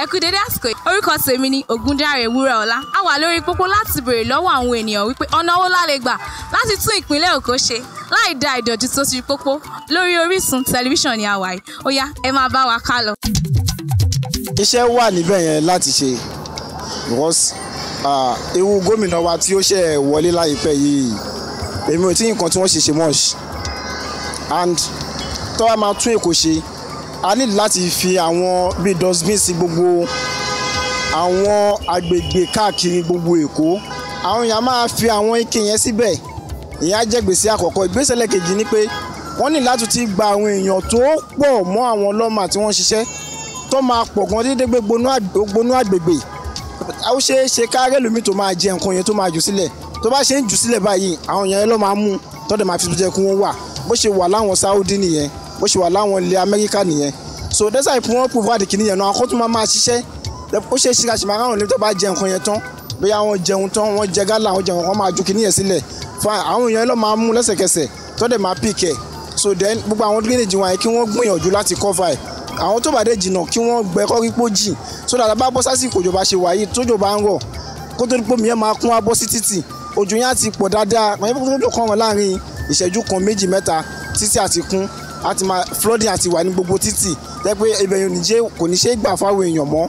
ẹ kú dédé àsìkò yìí orúkọ tèmi ni Ògúndáre Wúrà Ọlá a wà lórí pópó láti béèrè lọ́wọ́ àwọn ènìyàn wípé ọ̀nà wo la lè gbà láti tún ìpínlẹ̀ Èkó ṣe láì da ìdọ̀tí tó ti pópó lórí Orísun tẹlifíṣàn ni a wà yìí ó yá ẹ máa bá wa ká lọ. iṣẹ́ wà níbẹ̀ yẹn láti ṣe because ewu gómìnà wa tí ó ṣe wọlé láìpẹ́ yìí èmi ò tí nǹkan tí wọ́n ṣe ṣe mọ́ọ̀ṣ and tọ́wọ́ máa tún Èkó ṣe a ní láti fi àwọn bíi dustbin sí gbogbo àwọn agbègbè káàkiri gbogbo Èkó àwọn èèyàn máa fi àwọn ike yẹn síbẹ̀ ìyẹn á jẹ́ gbèsè àkọ́kọ́ ìgbésẹ̀ lẹ́kejì ni pé wọ́n ní láti ti gba àwọn èèyàn tó pọ̀ mọ́ àwọn ọlọ́mà tí wọ́n ń ṣiṣẹ́ tó máa pọ̀ gan dídé gbógbónú àgbègbè ó ṣeé ṣe káárẹ́ lómi tó máa jẹ nǹkan yẹn tó máa jù sílẹ̀ tó bá ṣe ń jù sílẹ̀ báyìí àwọn èèyàn yẹn mú tọ́dẹ̀ máa fi jẹ́ kí wọ́n wà bó ṣe wà láwọn Saudi nìyẹn bó ṣe wà láwọn ilẹ̀ amẹ́ríkà nìyẹn so dẹ́sà ìpínwọ́n provide kìíní yẹn náà àwọn kan tún máa máa ṣiṣẹ́ ó ṣe é ṣe àṣìmọ́ aráàlú níbi tó bá jẹ nǹkan yẹn tán bóyá wọ́n jẹun tán wọ́n jẹ gálà wọ́n jẹun wọ́n máa ju kìíní yẹn sílẹ̀ fún àwọn èèyàn lọ́ọ́ máa mú lẹ́sẹ̀kẹsẹ̀ tó dẹ̀ máa pìkẹ̀ so then gbogbo àwọn drainage wọn yẹn kí wọ́n gbìyànjú láti cover ẹ̀ àwọn tó bá dé jìnnà kí wọ́n gbẹ kọ́rí so dàda bá bọ́ sásìkò òjò bá ṣe wà yìí tójò bá ń rọ̀ kó tó pé mìíràn máa kún wá bọ́ sí títì òjò yẹn ìṣẹ́jú kan méjì mẹ́ta títí àti kún a ti máa flooding àti wà ní gbogbo títì jẹ́ pé ibẹ̀ yìí kò ní ṣe é gbà fáwọn èèyàn mọ́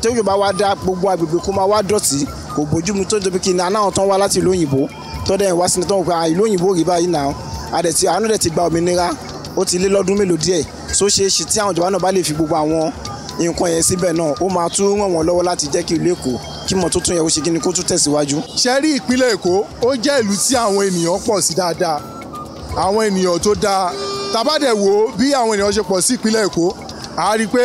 tí òjò bá wá dá gbogbo agbègbè kó máa wá dọ̀tí kò bójú mu tó jọbi kí ni aná tán wá láti ìlú òyìnbó tọ́dẹ̀ wá sí ni tán wò pé ìlú òyìnbó rí báyìí náà àdẹ̀tí àánú dẹ̀ ti gba òmìnira ó ti lé lọ́dún mélòó díẹ̀ so ṣe é ṣe tí àwọn ìjọba náà bá lè fi gbogbo àwọn nǹkan yẹn síbẹ̀ náà ó máa tún ràn wọ́n lọ́wọ́ láti jẹ́ kí ìlú Èkó kí mọ̀ tuntun yẹn ó ṣe kí ni kó tún tẹ̀síwájú. ṣe ìpínlẹ̀ Èkó ó jẹ́ ìlú tí àwọn ènìyàn pọ̀ sí dáadáa àwọn ènìyàn tó dáa tàbádẹ̀ wò ó bí àwọn ènìyàn ṣe pọ̀ sí ìpínlẹ̀ Èkó a rí i pé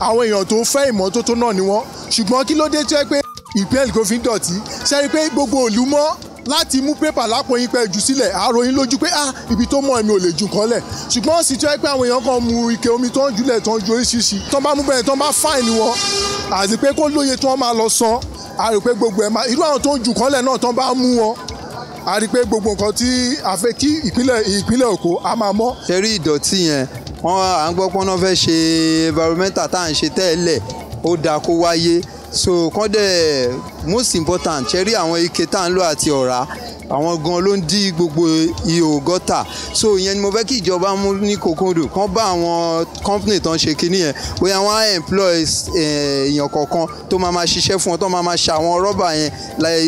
àwọn èèyàn tó fẹ́ ìmọ́tótó náà ni wọ́n ṣùgbọ́n kí ló dé tí ó yẹ pé ìpínlẹ̀ Èkó fi ń dọ̀tí ṣe é pé gbogbo òlú mọ́ láti mú pépà lápò yín pẹ́ jù sílẹ̀ àrò yín lójú pé ah ibi tó mọ̀ mi ò lè jù kán lẹ̀ ṣùgbọ́n sì tí ó yẹ pé àwọn èèyàn kan mu ike omi tó ń jùlẹ̀ tó ń ju oríṣiríṣi tó bá mú bẹ́ẹ̀ tó bá fáìnì wọn àti pé kó lóye tí wọ́n máa lọ san a rò pé gbogbo ẹ̀ máa irú àwọn tó ń jù kán lẹ̀ náà tó bá mú wọn a rí i pé gbogbo nǹkan tí a fẹ́ kí ìpínlẹ̀ ìpínlẹ̀ Èkó a máa mọ́. ṣe rí ìdọ̀tí yẹn wọn à ń gbọ́ pé wọ́n fẹ́ ṣe environmental tá à ń ṣe tẹ́lẹ̀ ó dáa kó wáyé so kọ́ndẹ̀ most important ṣe rí àwọn ike tá à ń lò àti ọ̀rá àwọn gan ló ń dí gbogbo ihò gọ́tà so ìyẹn ni mo fẹ́ kí ìjọba mú ní kòkòndò kán bá àwọn company tó ń ṣe kinní yẹn bóyá wọ́n á employ eh, èèyàn kọ̀ọ̀kan tó máa ma ṣiṣẹ́ fún wọn tó máa ma ṣe àwọn rọ́bà yẹn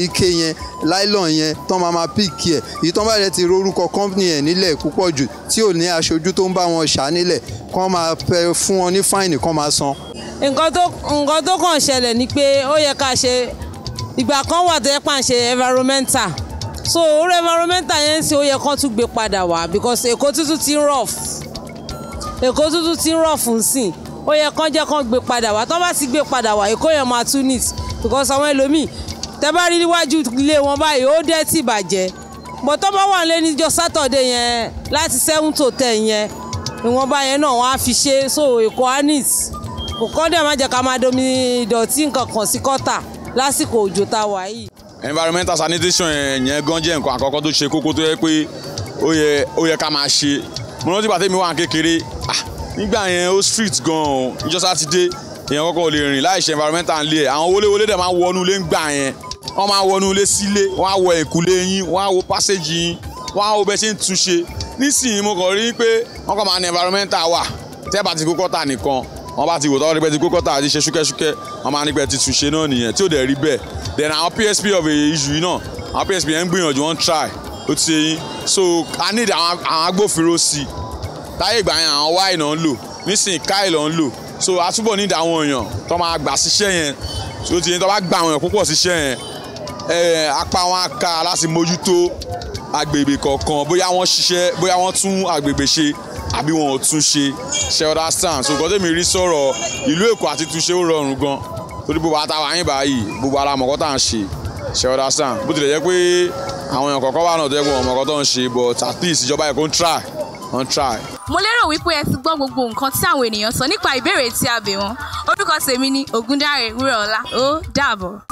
ike yẹn láìlọ́n yẹn tó máa ma píìkì ẹ̀ èyí tó bá rẹ̀ ti rorúkọ company yẹn nílẹ̀ púpọ̀ jù tí ò ní aṣojú tó ń bá wọn ṣà nílẹ̀ kán máa fún wọn ní fáìnì kán máa san. nǹkan tó nǹkan tó kàn ṣẹlẹ̀ ni pé ó yẹ ká ṣe ìgbà kan wà tó yẹ pà environmental so orí environmental yẹn ń ṣe ó yẹ kán tún gbé padà wá because èkó tuntun ti rough èkó tuntun ti rough ń sìn ó yẹ kán jẹ́ kán gbé padà wá tán bá sì gbé padà wá èkó yẹn máa tún neat because àwọn ẹlòmíì tẹ́ bá rí níwájú ilé wọn báyìí ó dẹ́ tì bàjẹ́ bọ̀ tó bá wà lé Saturday yẹn láti seven to ten yẹn ìwọ̀nba yẹn náà wọ́n á fi ṣe so èkó á neat kò kọ́ dẹ̀ má jẹ́ ká máa domi ìdọ̀tí nǹkan kan sí kọ́tà lásìkò òjò tá a wà yìí environmental sanitation eh, yẹn gan jẹ́ nǹkan àkọ́kọ́ tó ṣe kókó tó yẹ pé ó yẹ ó yẹ ká máa ṣe mo rántí bàtẹ́ mi wà kékeré ah, nígbà yẹn ó street gan o níjọ́ sátidé èèyàn kọ́kọ́ lè rìn láì ṣe environmental ń lé ẹ̀ àwọn wọléwọlé dẹ̀ máa ń wọnú ilé ń gbà yẹn wọ́n máa wọnú ilé sílé wọ́n á wọ ẹ̀kúlé yín wọ́n á wo pásẹ́jì yín wọ́n á wo bẹ́ẹ̀ ṣe ń túnṣe nísìnyí mo kàn rí pé wọ́n kàn máa ní environmental wà tẹ́ẹ̀bà ti kókọ́ ta nìkan wọ́n bá ti wò tọ́wọ́ nípa ti kó kọ́tà àti ṣe ṣúkẹ́ṣúkẹ́ wọ́n máa nípa ti túnṣe náà nìyẹn tí ò dẹ̀ rí bẹ́ẹ̀ then àwọn PSP of issue náà àwọn PSP yẹn ń gbìyànjú wọ́n try ó ti yẹn so I need àwọn agbófinró sí i táyé ìgbà yẹn àwọn wáì náà ń lò nísìnyí káì lọ́ ń lò so a túbọ̀ ní ìdáwọn èèyàn tó máa gbà síṣẹ́ yẹn tó ti yẹn tó bá gba àwọn èèyàn púpọ̀ síṣẹ́ yẹn apá wọn àbí wọn ò túnṣe ṣe understand so nǹkan tẹ̀mí rí sọ̀rọ̀ ìlú Èkó àti túnṣe ó rọrùn gan torí gbogbo àtàwọn àyìn báyìí gbogbo ara tá à ń ṣe ṣe understand bó tilẹ̀ jẹ́ pé àwọn èèyàn kọ̀ọ̀kan wà náà tó yẹ kó mọ̀kọ́ tó ń ṣe but at least ìjọba Èkó ń try ń try. mo lérò wípé ẹ ti gbọ́ gbogbo nǹkan tí àwọn ènìyàn sọ nípa ìbéèrè tí a bè wọ́n orúkọ tèmi ni Ògúndáre Wúrọ̀ọ́lá ó dàbọ̀.